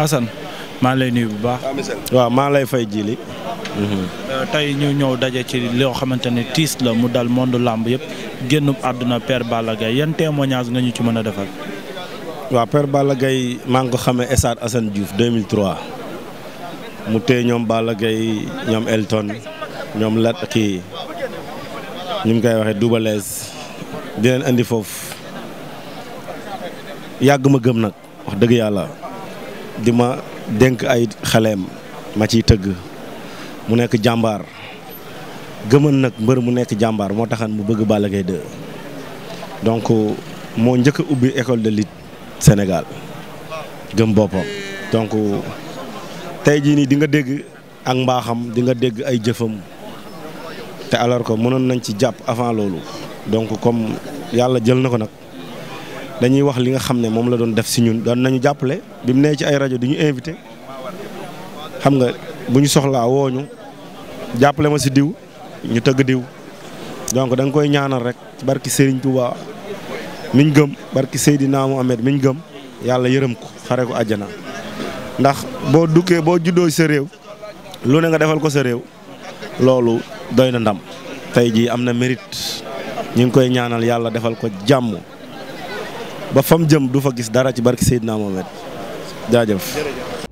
Assane maa ngi lay nuyu bu baax. waaw maa lay fay jili euh, tey ñu ñëw daje ci loo xamante ne tiis la mu dal monde làmb yëpp génn àdduna Père Balla Gaye yan témoignage nga ñu ci mën a defal. waa Père Balla Gaye maa ngi ko xamee stade Assane Diouf mu téye ñoom Balla Gaye ñoom Elton ñoom lat kii ñu ngi koy waxee Doubalès di foofu yàgg ma gëm nag wax dëgg yàlla. di ma dénk ay xaleem ma ciy tëgg mu nekk jàmbaar gëmën nag mbër mu nekk jàmbaar moo taxan mu bëgg bala Gaye 2 donc moo njëkk ubbi école de lutte Sénégal gëm boppam donc tey jii nii dinga dégg ak mbaaxam di nga dégg ay jëfam te alors que mënoon nañ ci jàpp avant loolu donc comme yàlla jël na ko nag. dañuy wax li nga xam ne moom la doon def si ñun doon nañu jàppale bi mu nee ci ay rajo di ñu invité xam nga bu ñu soxlaa woo ñu jàppale ma si diw ñu tëgg diw donc da koy ñaanal rek ci barki Serigne miñ gëm barki Seydina Mohamed miñ gëm yàlla yërëm ko xare ko àjjana ndax boo dukkee boo juddoo sa réew lu ne nga defal ko sa réew loolu doy na ndam tey jii am na mérite ñu ngi koy ñaanal yàlla defal ko jàmm ba fam jëm du fa gis dara ci barki Seydina Mohamed jaajëf.